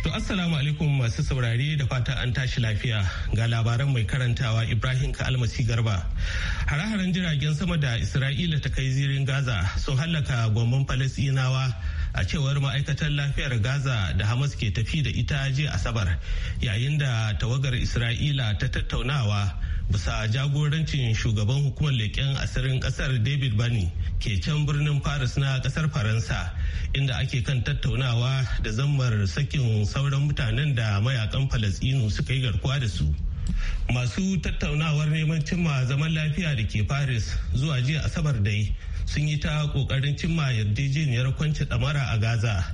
To assalamu alaikum masu saurari da fata an tashi lafiya ga labaran mai karantawa Ibrahim Almasi Garba. Hare-haren jiragen sama da Isra'ila ta kai zirin Gaza sun hallaka gwamman Falasinawa a cewar ma'aikatan lafiyar Gaza da Hamas ke tafi da ita jiya Asabar yayin da tawagar Isra'ila ta tattaunawa bisa jagorancin shugaban hukumar leƙen asirin ƙasar David Bani ke can birnin Paris na ƙasar Faransa. inda ake kan tattaunawa da zammar sakin sauran mutanen da mayakan falasɗinu suka yi garkuwa da su masu tattaunawar neman cimma zaman lafiya da ke paris zuwa jiya asabar dai sun yi ta kokarin cimma yarjejeniyar kwanci damara a gaza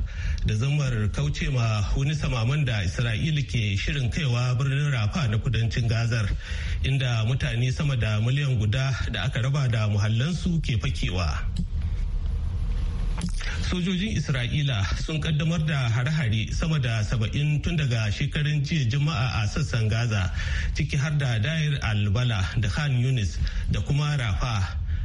da zammar kauce ma wani samaman da isra'ila ke shirin kaiwa birnin rafa na kudancin gazar inda mutane sama da miliyan guda da aka raba da muhallansu ke fakewa. sojojin isra'ila sun kaddamar da hare-hare sama da saba'in tun daga shekarun jiya juma'a a sassan gaza ciki har da dayar albala da khan yunis da kuma rafa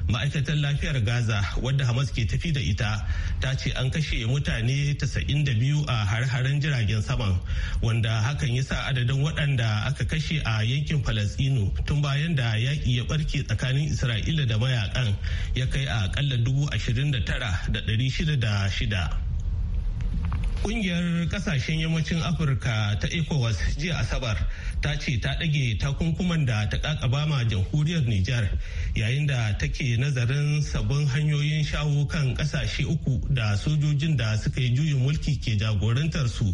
ma'aikatar lafiyar gaza wadda hamas ke tafi da ita ta ce an kashe mutane 92 a har-haren jiragen saman wanda hakan ya sa adadin waɗanda aka kashe a yankin falasino tun bayan da yaƙi ya ɓarke tsakanin isra'ila da mayakan ya kai a ƙalla 29,606 ƙungiyar kasashen yammacin Afirka ta ECOWAS jiya Asabar ta ce ta ɗage takunkuman da ta kakaba ma jamhuriyar Nijar yayin da take nazarin sabon hanyoyin shawo kan ƙasashe uku da sojojin da suka yi juyin mulki ke jagorantar su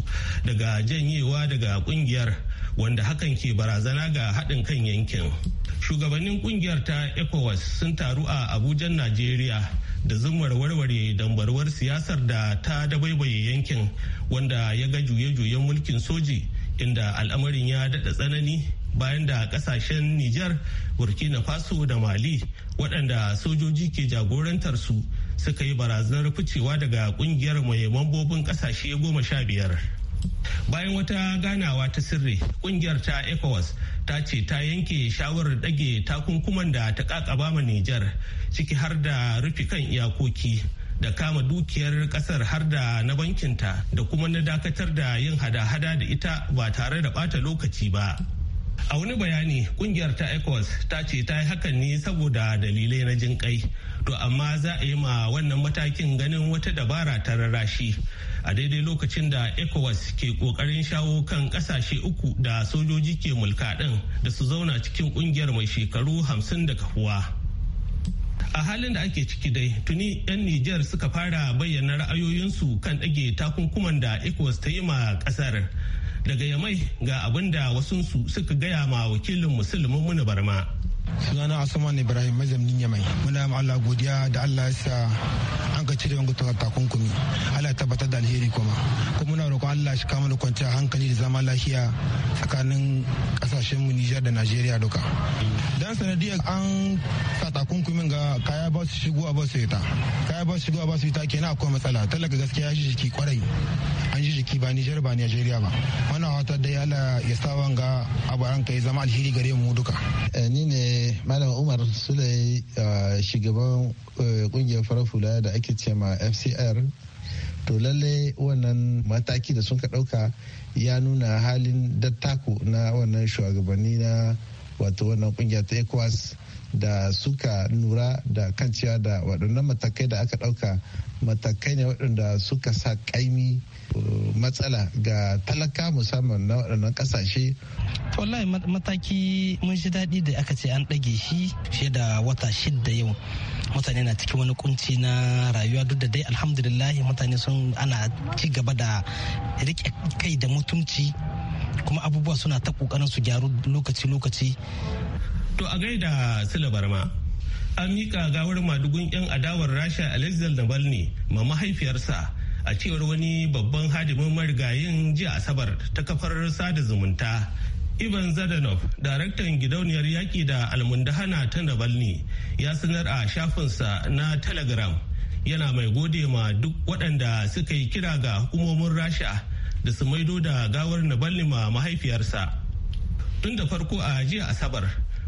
daga janyewa daga ƙungiyar wanda hakan ke barazana ga haɗin kan yankin. Shugabannin ƙungiyar ta ECOWAS sun taru a Abuja, Najeriya da zumar warware dambarwar siyasar da ta dabaibaye yankin wanda ya ga juye-juyen mulkin soji. inda al'amarin ya daɗa tsanani bayan da ƙasashen Nijar, Burkina Faso da Mali waɗanda sojoji ke jagorantar su suka yi barazanar ficewa daga ƙungiyar mai mambobin ƙasashe goma sha biyar. Bayan wata ganawa ta sirri, ƙungiyar ta ECOWAS ta ce ta yanke shawarar dage takunkuman da ta ƙaƙaba ma Nijar, ciki har da rufe kan iyakoki. da kama dukiyar kasar har da na bankinta da kuma na dakatar da yin hada-hada da ita ba tare da bata lokaci ba. A wani bayani kungiyar ta ECOWAS ta ce ta yi hakan ne saboda dalilai na jin kai. To amma za a yi ma wannan matakin ganin wata dabara ta rarrashi A daidai lokacin da ECOWAS ke kokarin shawo kan kasashe uku da sojoji ke mulka ɗin da su zauna cikin kungiyar mai shekaru hamsin da kafuwa. a halin da ake ciki dai tuni 'yan nijar suka fara bayyana ra'ayoyinsu kan ɗage takunkuman da ecowas ta yi ma ƙasar daga yamai ga abin da wasunsu suka gaya ma wakilin musulmin muni barma sunana asaman ibrahim mazamnin yamai muna ma allah godiya da allah ya sa an ka cire ta takunkumi allah tabbatar da alheri kuma kuma muna roƙon allah shi kama da kwanciyar hankali da zama lafiya tsakanin kasashen mu nijar da najeriya duka dan sanadiyar an sa takunkumin ga kaya ba su shigo ba su ita kaya ba su shigo ba su ta kenan akwai matsala talaka gaskiya ya shi jiki kwarai an shi jiki ba nijar ba najeriya ba wannan wata da ya allah ya sa wanga abu an ya zama alheri gare mu duka eh, ni ne Malam Umar Sule shugaban e, kungiyar farar hula da ake ce ma FCR to lalle wannan mataki da sun ka dauka ya nuna halin dattako na wannan shugabanni na wato wannan kungiya ta ecowas da suka nura da kan cewa da waɗannan matakai da aka ɗauka matakai ne waɗanda suka sa ƙaimi uh, matsala ga talaka musamman na waɗannan ƙasashe. wallahi mataki mun shi daɗi da aka ce an ɗage shi fiye da wata shidda yau mutane na cikin wani kunci na rayuwa duk da dai alhamdulillah mutane sun ana ci gaba da rike kai da mutunci kuma abubuwa suna ta kokarin su gyaru lokaci-lokaci to a gaida Sula barma an miƙa gawar madugun 'yan adawar rasha alexander navalny ma mahaifiyarsa a cewar wani babban hadimin marigayin jiya asabar ta kafar sada zumunta Ivan Zadanov, daraktan gidauniyar yaƙi da almundahana ta Navalny, ya sanar a shafinsa na Telegram yana mai gode ma duk waɗanda suka yi kira ga hukumomin Rasha da su maido da gawar nabalni ma mahaifiyarsa tun da farko a jiya asabar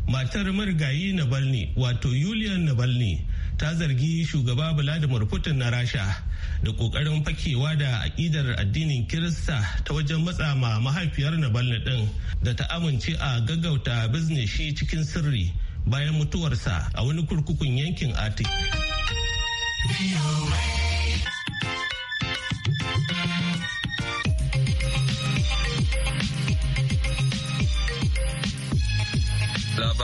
matar marigayi nabalni wato yulian nabalni ta zargi shugaba vladimir putin na rasha da kokarin fakewa da aƙidar addinin kirista ta wajen matsa ma mahaifiyar nabalni ɗin da ta amince a gaggauta shi cikin sirri bayan mutuwarsa a wani kurkukun yankin arctic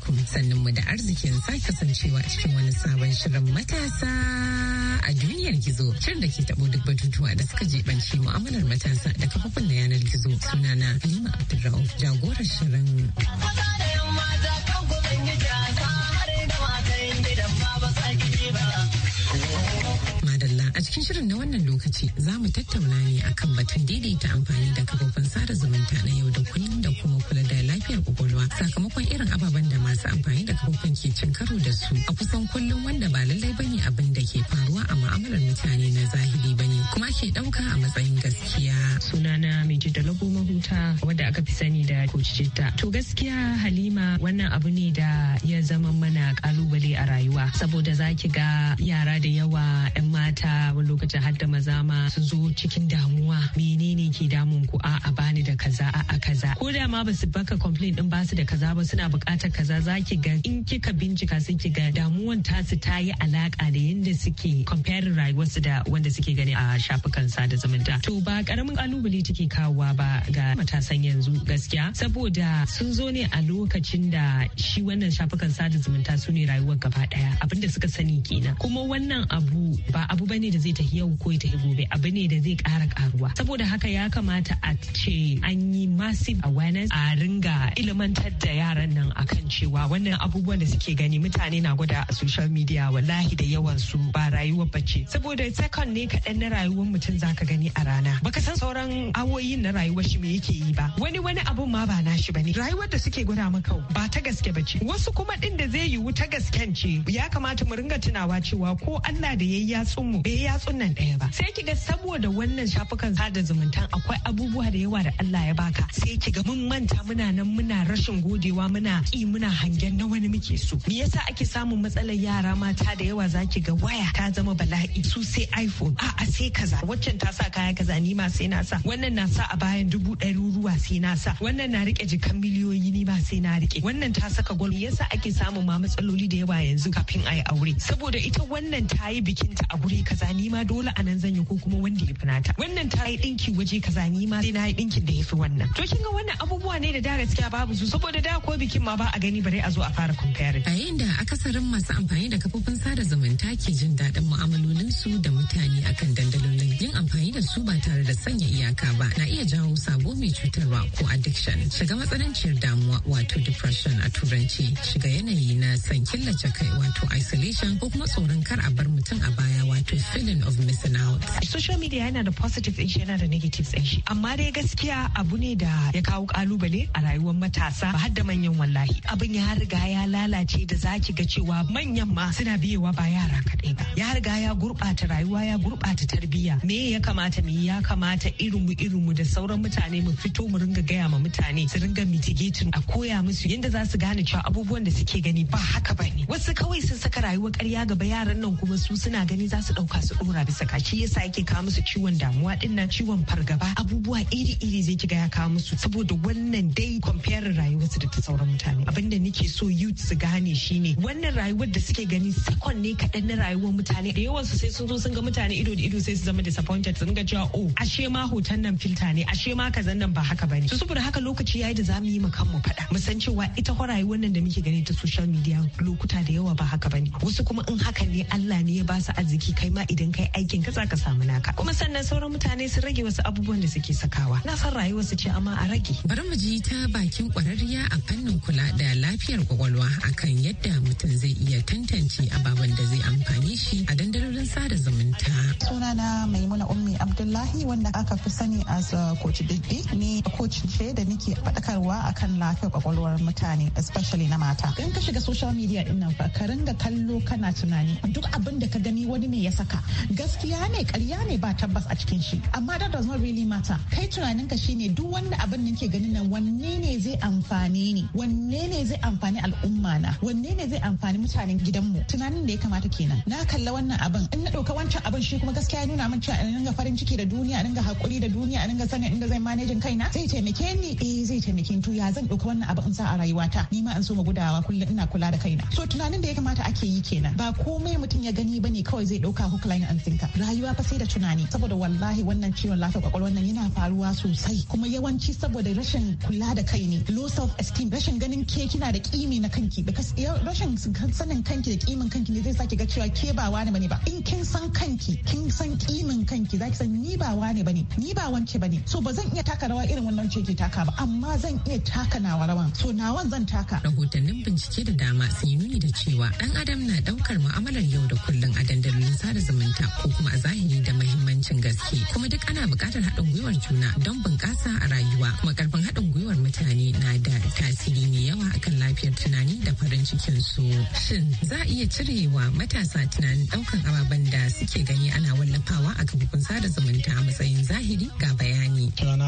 alaikum sannan mu da arzikin sake kasancewa cikin wani sabon shirin matasa a duniyar gizo shirin da ke tabo duk batutuwa da suka jebance mu'amalar matasa da kafafun na yanar gizo Suna na Halima Abdulrahman jagorar shirin. a cikin shirin na wannan lokaci za mu tattauna ne akan batun daidaita amfani da kafofin sada zumunta na yau da kullum da kuma kula lafiyar kwakwalwa sakamakon irin ababen da masu amfani da kafofin ke cin karo da su a kusan kullum wanda ba lallai bane abin da ke faruwa a mu'amalar mutane na zahiri bane kuma ke ɗauka a matsayin gaskiya. Sunana mai da lagu mahuta wadda aka fi sani da kocijitta. To gaskiya Halima wannan abu ne da ya zama mana kalubale a rayuwa saboda za ki ga yara da yawa 'yan mata wani lokacin har da maza ma su zo cikin damuwa menene ke damun ku a'a bani da kaza a'a kaza ko da ma ba su baka complain din basu da kaza ba suna bukatar kaza za ki ga in kika bincika sun ki ga damuwan tasu ta yi alaka da yadda suke comparing rayuwarsu da wanda suke gani a shafukan sada zumunta. To ba karamin kalubale take kawowa ba ga matasan yanzu gaskiya saboda sun zo ne a lokacin da shi wannan shafukan sada zumunta su ne rayuwar gaba daya abinda suka sani kenan kuma wannan abu ba abu bane da zai tafi yau ko ya tafi gobe abu ne da zai kara karuwa saboda haka ya kamata a ce an yi massive awareness a ringa a ilimantar da yaran nan akan cewa wannan abubuwan da suke gani mutane na gwada a social media wallahi da yawan su ba rayuwar bace saboda second ne kaɗan na rayuwar mutum zaka gani a rana baka san sauran awoyin na rayuwar shi me yake yi ba wani wani abun ma ba nashi bane rayuwar da suke gwada maka ba ta gaske bace wasu kuma din da zai yiwu ta gasken ce ya kamata mu ringa tunawa cewa ko Allah da yayi yatsun mu bai yatsun nan ɗaya ba sai kiga saboda wannan shafukan sada zumunta akwai abubuwa da yawa da Allah ya baka sai kiga mun manta muna nan muna rashin godewa muna ƙi muna hangen na wani muke so me yasa ake samun matsalar yara mata da yawa zaki ga waya ta zama bala'i su sai iphone a'a sai kaza waccan ta sa kaya kaza ni ma sai na sa wannan na sa a bayan dubu ɗaruruwa sai na sa wannan na rike jikan miliyoyi ni ma sai na rike wannan ta saka gwal yasa ake samun ma matsaloli da yawa yanzu kafin a yi aure saboda ita wannan ta yi bikinta a guri kaza ni ma dole a nan zan yi ko kuma wanda ya fi nata wannan ta yi ɗinki waje kaza ni ma sai na yi dinkin da ya fi wannan to kin ga wannan abubuwa ne da da gaskiya babu su saboda da ko bikin ma ba a gani bare a zo a fara comparing a yayin da akasarin masu amfani da kafofin sada zumunta ke jin daɗin mu'amalolin su da mutane akan dandalolin yin amfani da su ba tare da sanya iyaka ba na iya jawo sabo mai cutarwa ko addiction shiga matsananciyar damuwa wato depression a turanci shiga yanayi na san killace kai wato isolation ko kuma tsoron kar a bar mutum a baya wato feeling of missing out social media yana da positive ɗin shi yana da negative ɗin shi amma dai gaskiya abu ne da ya kawo kalubale a rayuwa rayuwar matasa har da manyan wallahi abin ya riga ya lalace da zaki ga cewa manyan ma suna biyewa ba yara kaɗai ba ya riga ya gurɓata rayuwa ya gurɓata tarbiyya me ya kamata mu ya kamata irin mu irin mu da sauran mutane mu fito mu ringa gaya ma mutane su ringa mitigetin a koya musu yadda za su gane cewa abubuwan da suke gani ba haka ba ne wasu kawai sun saka rayuwar ƙarya gaba yaran nan kuma su suna gani za su ɗauka su ɗora bisa ka shi yasa yake kawo musu ciwon damuwa ɗin ciwon fargaba abubuwa iri-iri zai kiga ya kawo musu saboda wannan dai comparing rayuwarsu da ta sauran mutane da nake so youth su gane shine wannan rayuwar da suke gani second ne kaɗan na rayuwar mutane da yawansu sai sun zo sun ga mutane ido da ido sai su zama disappointed sun ga cewa oh ashe ma hoton nan filta ne ashe ma kazan nan ba haka bane su saboda haka lokaci yayi da zamu yi mu kanmu faɗa mu san cewa ita fa rayuwar nan da muke gani ta social media lokuta da yawa ba haka bane wasu kuma in haka ne Allah ne ya ba su arziki kai ma idan kai aikin ka zaka samu naka kuma sannan sauran mutane su rage wasu abubuwan da suke sakawa na san rayuwar su ce amma a rage bari mu ji ta bakin kwararriya a fannin kula da lafiyar kwakwalwa akan yadda mutum zai iya tantance ababen da zai amfani shi a dandalolin sada zumunta. Sunana Maimuna Ummi Abdullahi wanda aka fi sani a coach Diddi ni coach ce da nake faɗakarwa akan lafiyar kwakwalwar mutane especially na mata. In ka shiga social media din nan fa ka ringa kallo kana tunani duk abin da ka gani wani ne ya saka gaskiya ne ƙarya ne ba tabbas a cikin shi amma that does not really matter kai tunaninka shine duk wanda abin da ke ganin nan wanne ne ne zai amfani ni wanne ne zai amfani al'umma na wanne ne zai amfani mutanen gidanmu tunanin da ya kamata kenan na kalla wannan abin in na ɗauka wancan abin shi kuma gaskiya ya nuna min cewa in ga farin ciki da duniya in ga hakuri da duniya in ga sanin inda zan manejin kaina zai taimake ni eh zai taimake ni to ya zan dauka wannan abin in sa a rayuwata ni ma in so gudawa kullum ina kula da kaina so tunanin da ya kamata ake yi kenan ba komai mutum ya gani bane kawai zai dauka hook line and sinker rayuwa fa sai da tunani saboda wallahi wannan ciwon lafiyar kwakwalwa wannan yana faruwa sosai kuma yawanci saboda rashin kula da kai kai ne low self esteem rashin ganin ke kina da kimi na kanki because rashin sanin kanki da kimin kanki ne zai saki ga cewa ke ba wani bane ba in kin san kanki kin san kimin kanki zaki san ni ba wani bane ni ba wance bane so ba zan iya taka rawa irin wannan ce ke taka ba amma zan iya taka nawa rawan so nawan zan taka rahotannin bincike da dama sun yi nuni da cewa dan adam na daukar mu'amalar yau da kullum a dandalin sada zumunta ko kuma a zahiri da mahimmancin gaske kuma duk ana bukatar haɗin gwiwar juna don bunƙasa a rayuwa kuma karfin haɗin gwiwar mutane mutane na da tasiri mai yawa akan lafiyar tunani da farin cikin su. Shin za a iya cirewa matasa tunanin ɗaukan ababen da suke gani ana wallafawa a kafofin sada zumunta a matsayin zahiri ga bayan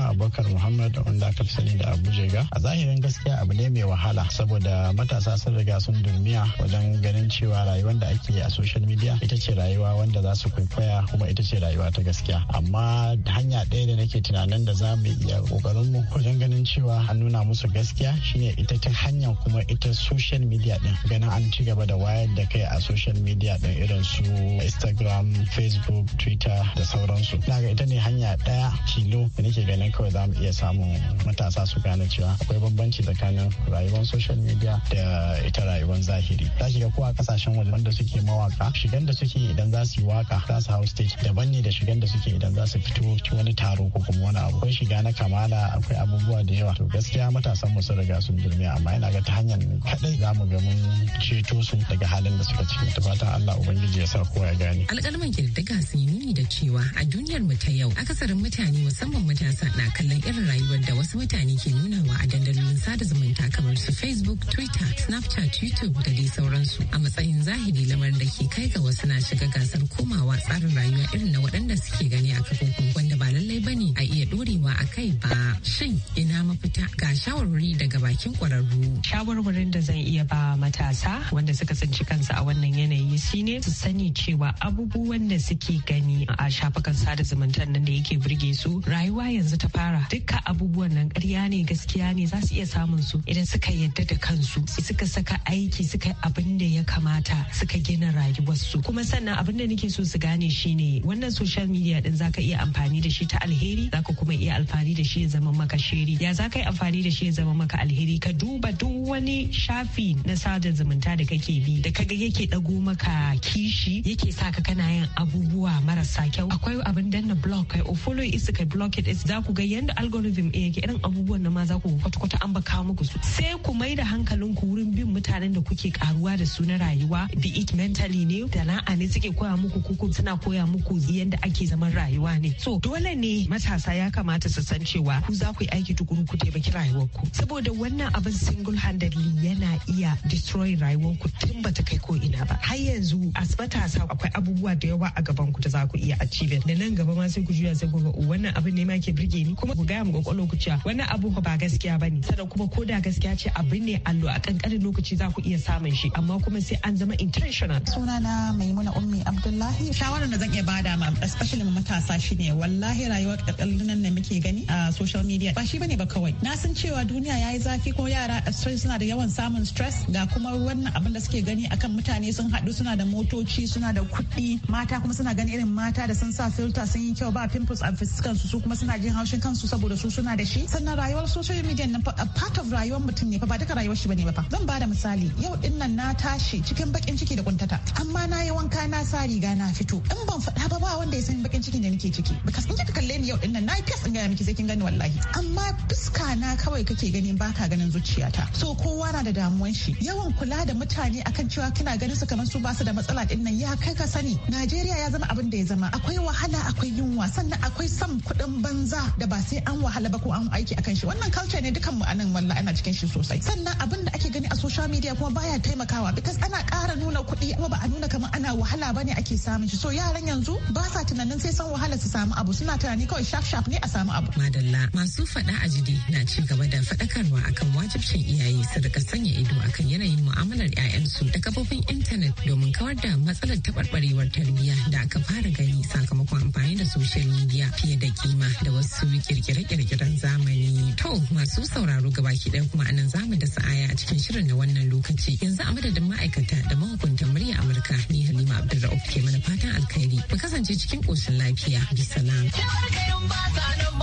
abubakar muhammad wanda aka fi sani da ga a zahirin gaskiya abu ne mai wahala saboda matasa sun riga sun durmiya wajen ganin cewa rayuwar da ake a social media ita ce rayuwa wanda za su kwaikwaya kuma ita ce rayuwa ta gaskiya amma hanya ɗaya da nake tunanin da za mu iya kokarin mu wajen ganin cewa an nuna musu gaskiya shine ita ta hanyar kuma ita social media din ganin an ci gaba da wayar da kai a social media din irin su instagram facebook twitter da sauransu daga ita ne hanya ɗaya tilo da nake ganin kawai za mu iya samun matasa su gane cewa akwai bambanci tsakanin rayuwar social media da ita rayuwar zahiri za shiga ga ko a kasashen waje wanda suke mawaka shigan da suke idan za su yi waka za su hau stage daban ne da shigan da suke idan za su fito ci wani taro ko kuma wani abu akwai shiga na kamala akwai abubuwa da yawa to gaskiya matasan mu sun riga sun girme amma ina ga ta hanyar kadai za mu ga mun ceto su daga halin da suka ciki da fatan Allah ubangiji ya sa kowa ya gane alƙalman girdiga sun yi nuni da cewa a duniyar mu ta yau akasarin mutane musamman matasa na kallon irin rayuwar da wasu mutane ke nunawa a dandalolin sada zumunta kamar su Facebook, Twitter, Snapchat, YouTube da dai sauransu a matsayin zahiri lamar da ke kai ga wasu na shiga gasar komawa tsarin rayuwa irin na waɗanda suke gani a kafofin wanda ba lallai ba ne a iya dorewa a kai ba. Shin ina mafita ga shawarwari daga bakin ƙwararru. Shawarwarin da zan iya ba matasa wanda suka tsinci kansu a wannan yanayi shine su sani cewa abubuwan da suke gani a shafukan sada zumunta nan da yake burge su rayuwa yanzu ta fara dukkan abubuwan nan ƙarya ne gaskiya ne za su iya samun su idan suka yadda da kansu suka saka aiki suka abin da ya kamata suka gina rayuwarsu kuma sannan abin da nake so su gane shine wannan social media din zaka iya amfani da shi ta alheri zaka kuma iya amfani da shi ya zama maka shiri ya zaka yi amfani da shi ya zama maka alheri ka duba duk wani shafi na sada zumunta da kake bi da kaga yake dago maka kishi yake sa ka kana yin abubuwa marasa kyau akwai abin danna block kai o oh, follow is ka block it za ku ga ga yanda algorithm ɗaya yake irin abubuwan na ma za ku kwata-kwata an baka muku su sai ku mai da hankalin ku wurin bin mutanen da kuke karuwa da su na rayuwa be it mentally ne sana'a ne suke koya muku kuku suna koya muku yadda ake zaman rayuwa ne so dole ne matasa ya kamata su san cewa ku za ku yi aiki tukuru ku taimaki rayuwarku saboda wannan abin single handedly yana iya destroy rayuwarku tun ba ta kai ko ina ba har yanzu as matasa akwai abubuwa da yawa a gaban ku da za ku iya achieve da nan gaba ma sai ku juya sai ku ga oh, wannan abin ne ma ke birge ni kuma ku gaya mu kwakwalwa lokaci wani abu ba gaskiya bane sannan kuma ko da gaskiya ce abin ne allo a kankanin lokaci za ku iya samun shi amma kuma sai an zama intentional sunana maimuna ummi abdullahi shawarar da zan iya bada ma especially matasa shine wallahi rayuwar kakkallunan da muke gani a social media ba shi bane ba kawai na san cewa duniya yayi zafi ko yara stress suna da yawan samun stress ga kuma wannan abin da suke gani akan mutane sun haɗu suna da motoci suna da kuɗi mata kuma suna gani irin mata da sun sa filter sun yi kyau ba pimples a fuskan su kuma suna jin haushi kashin kansu saboda su suna da shi sannan rayuwar social media na part of rayuwar mutum ne fa ba duka rayuwar shi bane ba fa zan bada misali yau din nan na tashi cikin bakin ciki da kuntata amma na yi wanka na sa riga na fito in ban faɗa ba ba wanda ya san bakin cikin da nake ciki because in kika kalle ni yau din nan na yi fes in gaya miki sai kin gani wallahi amma fuska na kawai kake gani ka ganin zuciyata so kowa na da damuwan shi yawan kula da mutane akan cewa kina ganin su kamar su ba su da matsala din nan ya kai ka sani Najeriya ya zama abin da ya zama akwai wahala akwai yunwa sannan akwai sam kuɗin banza da ba sai an wahala ba ko an aiki akan shi wannan culture ne dukan mu anan wallahi ana cikin shi sosai sannan abin da ake gani a social media kuma baya taimakawa because ana ƙara nuna kuɗi kuma ba a nuna kamar ana wahala ba ne ake samun shi so yaran yanzu ba sa tunanin sai san wahala su samu abu suna tunani kawai shaf shaf ne a samu abu madalla masu faɗa a jide na ci gaba da faɗakarwa akan wajibcin iyaye su rika sanya ido akan yanayin mu'amalar 'ya'yansu da kafofin intanet domin kawar da matsalar taɓarɓarewar tarbiyya da aka fara gani sakamakon amfani da social media fiye da kima da wasu kirkire-kirkiren zamani. To masu sauraro gaba ki ɗaya kuma anan zamu da sa'aya a cikin shirin na wannan lokaci. Yanzu a madadin ma'aikata da mahukuntan murya Amurka ni Halima Abdulra'uf ke mana fatan alkhairi. Ku kasance cikin ƙoshin lafiya. Bisalam.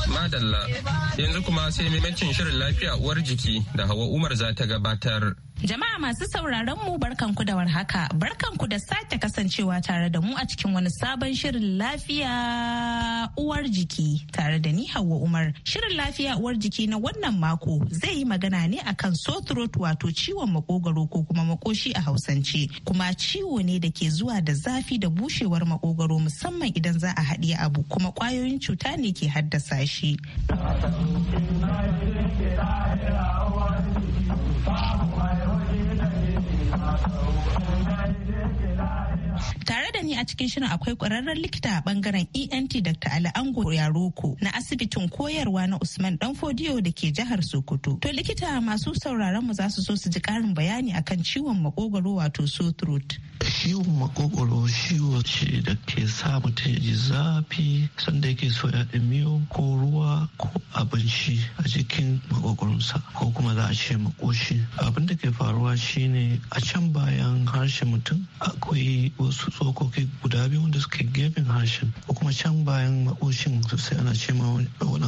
Madalla yanzu kuma sai maimacin shirin lafiya uwar jiki da Hawa Umar za ta gabatar. Jama'a masu sauraron mu barkanku da warhaka, barkanku da sake kasancewa tare da mu a cikin wani sabon shirin lafiya uwar jiki tare da ni Hauwa Umar. Shirin lafiya uwar jiki na wannan mako zai yi magana ne akan sore throat wato ciwon makogaro ko kuma makoshi a Hausance, kuma ciwo ne da ke zuwa da zafi da bushewar makogaro musamman idan za a haɗiye abu kuma ƙwayoyin cuta ne ke haddasa shi. Tare da ni a cikin shirin akwai ƙwararren likita a ɓangaren ENT Dr. Ali Ango Yaroko na asibitin koyarwa na Usman Danfodiyo da ke jihar Sokoto. To likita masu sauraron mu za su so su ji ƙarin bayani akan ciwon maƙogwaro wato sore throat. ciwon makogoro ciwo ce da ke sa mutum ji zafi sanda yake so ya miyo ko ruwa ko abinci a jikin makogoronsa ko kuma za a ce makoshi abin da ke faruwa shine a can bayan harshen mutum akwai wasu tsokoki guda biyu wanda suke gefen harshen ko kuma can bayan makoshin sosai ana ce ma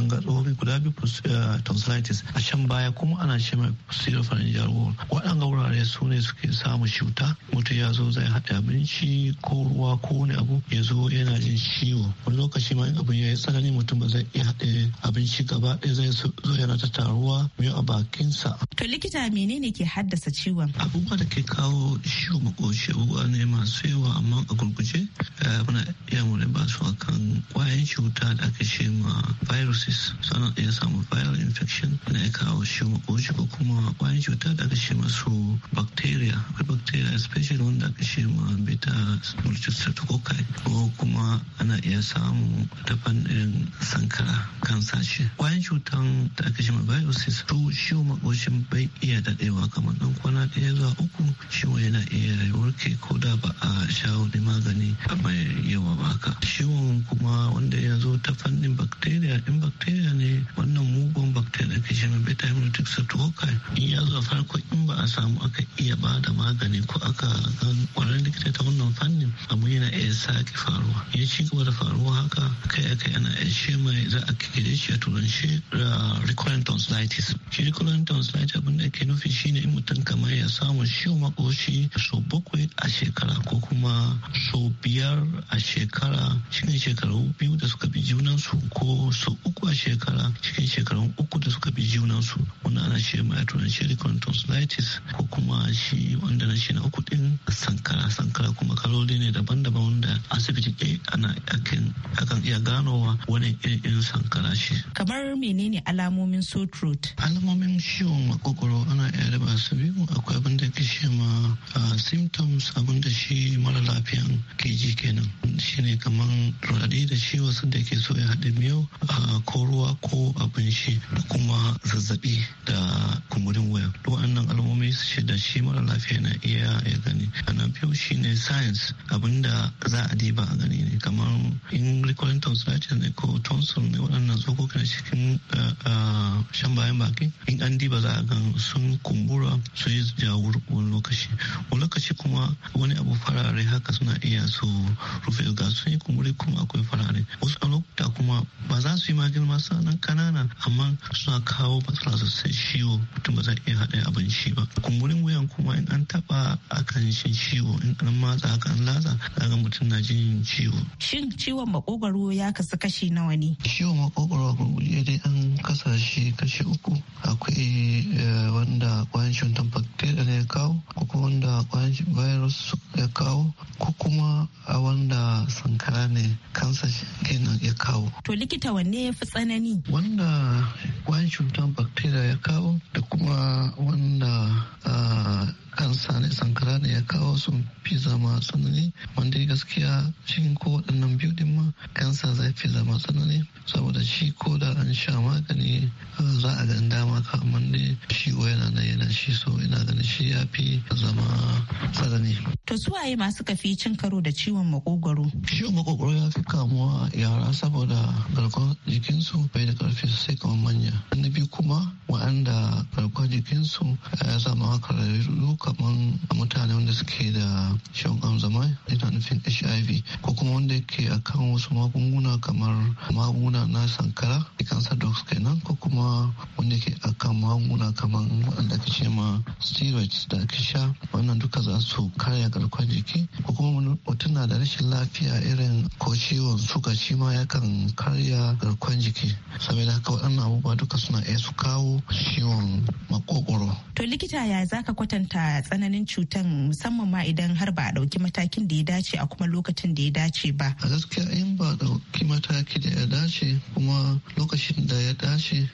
ga tsokoki guda biyu eh, tonsillitis a can baya kuma ana ce ma pseudopharyngeal wall waɗanga wurare su ne suke samun cuta mutum ya zo zai haɗa abinci ko ruwa ko wani abu ya zo yana jin ciwo wani lokaci ma in abin ya yi tsanani mutum ba zai iya haɗa abinci gaba ɗaya zai zo yana ta taruwa biyu a bakinsa. To likita menene ke haddasa ciwon? Abubuwa da ke kawo ciwo makoshi abubuwa ne masu yawa amma a gurguje eh, muna iya mu ba su akan kwayan cuta da aka ce ma viruses sana iya samu viral infection na ya kawo ciwo makoshi ko kuma kwayan cuta da aka ce masu bacteria akwai bacteria especially wanda aka ce ma streptococci ko kuma ana iya samu ta fannin sankara kan ce kwayan cutan da aka shi biosis to ciwon makoshin bai iya dadewa kamar dan kwana ɗaya zuwa uku ciwon yana iya warke ko da ba a sha wani magani mai yawa ba haka ciwon kuma wanda ya zo ta fannin bacteria in bacteria ne wannan mugun bacteria da ke shi beta hemolytic streptococci in ya zo farko in ba a samu aka iya ba da magani ko aka gan kwararren likita ta wannan fannin abu yana iya sake faruwa ya ci gaba da faruwa haka kai a kai ana ishe mai za a kire shi a da recurrent tonsillitis shi recurrent tonsillitis abin da ke nufi shine in mutum kamar ya samu ciwon makoshi so bakwai a shekara ko kuma so biyar a shekara cikin shekaru biyu da suka bi su ko so uku a shekara cikin shekaru uku da suka bi junansu wannan ana shi mai a turanci recurrent tonsillitis ko kuma shi wanda na shi na uku din sankara a sankara kuma kaloli ne daban-daban wanda asibiti ke ana akan iya ganowa wani irin sankara shi. Kamar menene alamomin so throat? Alamomin ciwon makokoro ana iya raba su biyu akwai abin da ke shi ma symptoms abin da shi mara lafiyan ke ji kenan shine kamar raɗaɗi da shi wasu da ke so ya haɗe miyau ko ruwa ko abin shi da kuma zazzabi da kumburin waya. Duk wannan alamomi shi da shi mara lafiya na iya ya gani. Ana biyu shi ne science abinda za a diba a gani ne kamar in recurrent tonsillitis ne ko tonsil ne waɗannan a cikin eh, eh, shan bayan baki in an diba za a gan sun kumbura su yi jawur wani lokaci wani lokaci kuma wani abu farare haka suna iya su rufe ga sun yi kumburi kuma akwai farare wasu a lokuta kuma ba za su yi ma girma sanan kanana amma suna kawo matsala sosai ciwo mutum ba za iya haɗa abinci ba kumburin wuyan kuma in an taɓa akan shi ciwo in an matsa haka an latsa kaga mutum na jin ciwo. Shin ciwon makogwaro ya kasu kashi nawa ne? Ciwon makogwaro a gurguje dai an kasa shi kashi uku akwai eh, wanda kwayan cutar bacteria ne ya kawo ko kuma wanda kwayan virus ya kawo ko kuma a wanda sankara ne kansa kenan ya kawo. To likita wanne ya fi tsanani? Wanda kwayan cutar bakteriya ya kawo da kuma wanda kansa ne sankara ne ya kawo sun fi zama tsanani wanda gaskiya cikin ko waɗannan biyu din ma kansa zai fi zama tsanani saboda shi ko da an sha magani za a gan dama kamar ne shi yana nan yana shi so yana ganin shi ya fi zama tsanani. To suwaye masu kafi cin karo da ciwon makogwaro? Ciwon makogwaro ya fi kamuwa yara saboda garkuwar jikinsu bai da karfi sosai kamar manya na biyu kuma waanda garkuwar jikinsu ya eh, zama haka rarru kamar mutane wanda suke da shan zama ina nufin hiv ko kuma wanda yake akan wasu magunguna kamar magunguna na sankara cancer drugs kenan ko kuma wanda yake akan magunguna kamar wanda ake ce ma steroids da ake sha wannan duka za su karya garkuwar jiki ko kuma mutum na da rashin lafiya irin ko ciwon suka shi ma ya Kan karya garkon jiki saboda haka waɗannan abubuwa duka suna iya su kawo ciwon makokoro. To likita ya zaka kwatanta tsananin cutan musamman ma idan har ba a ɗauki matakin da ya dace a kuma lokacin da ya dace ba. A gaskiya in ba a ɗauki mataki da ya dace kuma lokacin da ya dace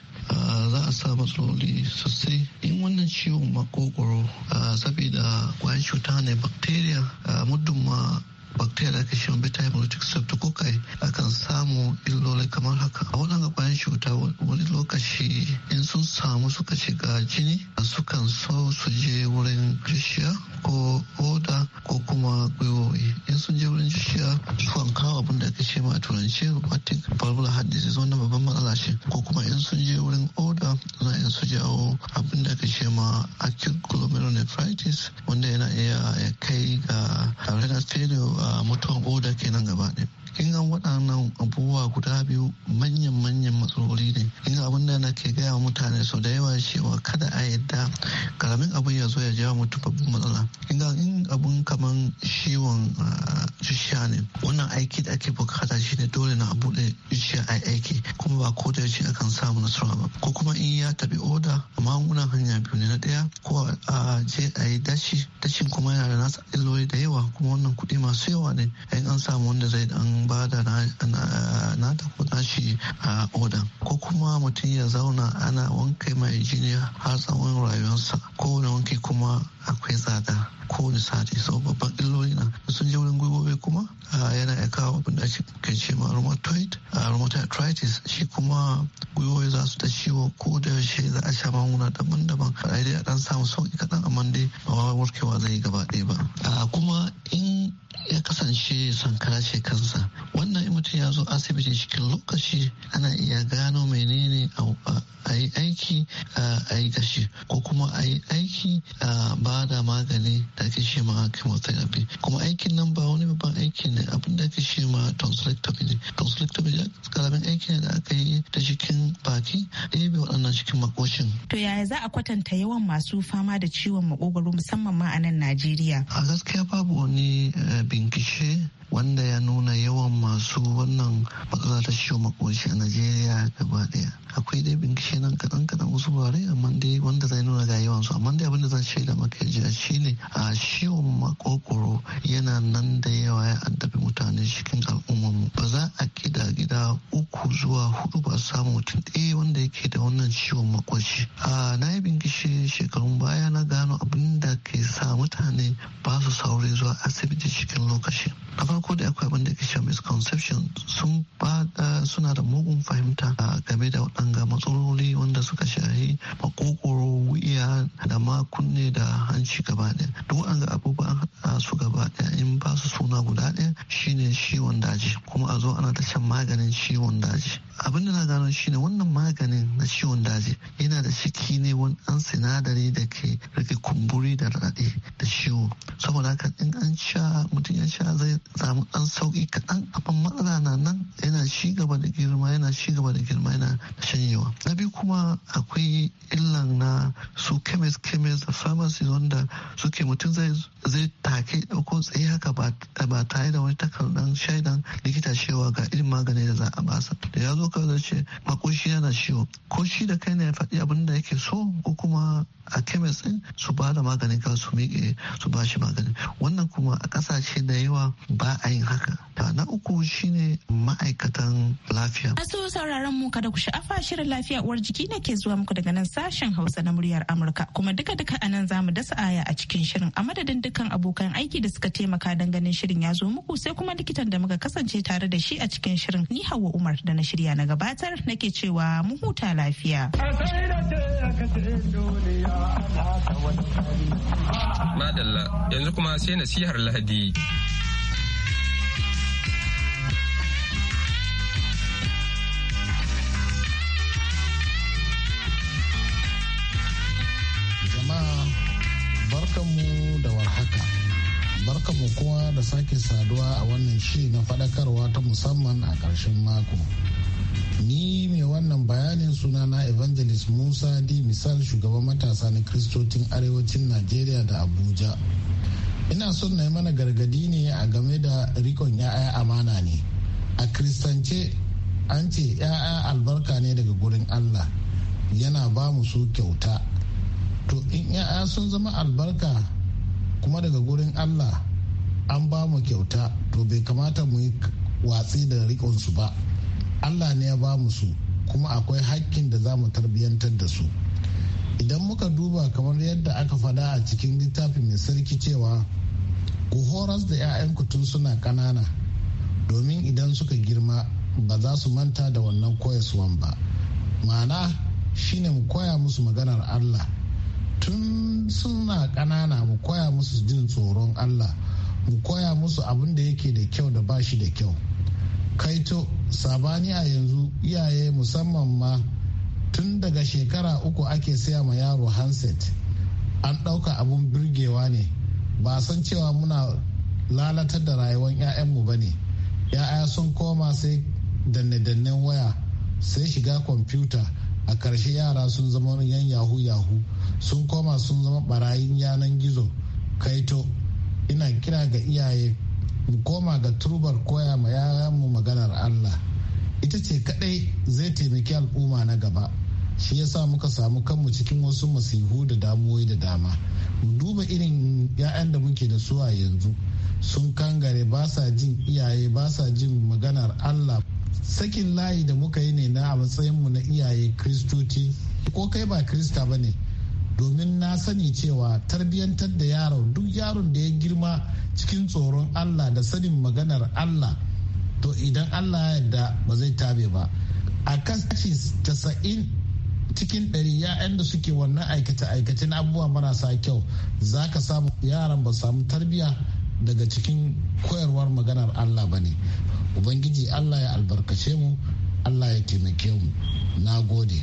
za a sa matsaloli sosai in wannan ciwon makokoro saboda kwayan cuta ne bacteria muddin ma bacteria ake shi beta hemolytic streptococci akan samu illoli kamar haka a waɗanda bayan cuta wani lokaci in sun samu suka shiga jini a sukan so su je wurin jishiya ko oda ko kuma gwiwoyi in sun je wurin jishiya sukan kawo abin da ake ce ma a turanci rheumatic valvular heart disease wannan babban matsala ce ko kan ce ma rheumatoid uh, arthritis shi kuma gwiwoyi za su ta ciwo ko da yaushe za a sha magunguna daban-daban a dai a dan samu sauki kaɗan amma dai ba warkewa zai gaba ɗaya ba uh, kuma in ya kasance sankara ce kansa wannan in mutum ya zo asibiti cikin lokaci ana iya gano menene a yi aiki a yi gashi ko kuma a yi aiki a ba da magani da ake shi ma chemotherapy kuma aikin nan ba wani babban aiki ne abin da ake shi ma tonsillectomy ne tonsillectomy karamin aiki ne da aka yi da cikin baki ɗebe waɗannan cikin makoshin. to yaya za a kwatanta yawan masu fama da ciwon makogwaro musamman ma a nan najeriya a gaskiya babu wani eh, bincike wanda ya nuna yawan masu wannan matsala ta ciwon makoshi a najeriya gaba daya akwai dai binkishe nan kaɗan kadan wasu bare amma dai wanda zai nuna ga yawan su amma dai abin da zan shaida maka yaji shine a ciwon makoko yana nan da yawa ya addabi mutane cikin al'ummarmu ba za a gida gida uku zuwa hudu ba samu mutum ɗaya wanda yake da wannan ciwon makwashi a na yi binkishi shekarun baya na gano abin da ke sa mutane ba su saurin zuwa asibiti cikin lokaci na farko da akwai abin da ke cewa misconception sun bada eh, suna da mugun fahimta a game da waɗanga matsaloli wanda suka shahi makokoro wuya da ma kunne da hanci gaba ɗaya duk waɗanga abubuwan haɗa su gaba ɗaya in ba su suna guda ɗaya shine ciwon daji kuma a zo ana ta shan maganin ciwon daji abin da na gano shi ne wannan maganin na ciwon daji yana da ciki ne wani an sinadari da ke rage kumburi da raɗe da ciwo saboda haka in an sha mutum ya sha zai samu an sauki kaɗan amma matsala na nan yana ci gaba da girma yana ci gaba da girma yana shanyewa na biyu kuma akwai illan na su kemis kemis da pharmacy wanda suke mutum zai zai take ko tsaye haka ba tare da wani takardar shaidan likita cewa ga irin maganin da za a basa da ya zo ɗauka zai makoshi yana ciwo ko shi da kai ne ya faɗi abin da yake so ko kuma a kemis din su ba da magani ka su miƙe su ba shi magani wannan kuma a ƙasashe da yawa ba a yin haka na uku shine ma'aikatan lafiya a so sauraron mu kada ku sha'afa shirin lafiya uwar jiki na ke zuwa muku daga nan sashen hausa na muryar amurka kuma duka duka a nan zamu dasa aya a cikin shirin a madadin dukkan abokan aiki da suka taimaka don ganin shirin ya zo muku sai kuma likitan da muka kasance tare da shi a cikin shirin ni hawa umar da na shirya na gabatar nake cewa mu huta lafiya. Madalla yanzu kuma sai nasihar Lahadi. mu da warhaka kuma da sake saduwa a wannan shi na faɗakarwa ta musamman a ƙarshen mako ni mai wannan bayanin suna na evangelist musa d misal shugaban matasa na Kristotin arewacin najeriya da abuja ina son na yi mana gargadi ne a game da rikon 'ya'ya amana ne a kristance an ce 'ya'ya albarka ne daga gurin allah yana ba mu su kyauta to in 'ya'ya sun zama albarka kuma daga gurin allah an ba mu kyauta to bai kamata mu yi watsi da rikonsu ba allah ne ya ba mu su kuma akwai hakkin da za mu tarbiyyantar da su idan muka duba kamar yadda aka faɗa a cikin littafi mai sarki cewa ku horas da 'ya'yanku tun suna ƙanana domin idan suka girma ba za su manta da wannan koyaswan ba ma'ana shine mu koya musu maganar allah tun suna ƙanana mu koya musu jin tsoron allah mu koya musu abin da yake da kyau da bashi da kyau kaito sabani a yanzu iyaye musamman ma tun daga shekara uku ake saya ma yaro handset an ɗauka abun birgewa ne ba san cewa muna lalatar da rayuwar 'ya'yanmu ba ne ya'ya sun koma sai danne-dannen waya sai shiga kwamfuta a karshe yara sun zama yan yahu-yahu sun koma sun zama barayin yanan gizo kaito ina kira ga iyaye mu koma ga turbar koya ma yayanmu maganar Allah ita ce kadai zai taimaki al'umma na gaba shi yasa muka samu kanmu cikin wasu masihu da damuwoyi da dama mu duba irin 'ya'yan da muke da su a yanzu sun kangare ba sa jin iyaye ba sa jin maganar Allah sakin layi da muka yi ne na a mu na iyaye kristoci ko kai ba krista ba ne domin na sani cewa tarbiyyantar da yaron duk yaron da ya girma cikin tsoron allah da sanin maganar allah to idan allah ya yarda ba zai tabe ba a kashi casa'in cikin ɗari ya'yan da suke wannan aikace aikacen abubuwa marasa kyau za ka samu yaran ba samu tarbiyya daga cikin koyarwar maganar allah ba ne ubangiji allah ya albarkace mu allah ya taimake mu na gode.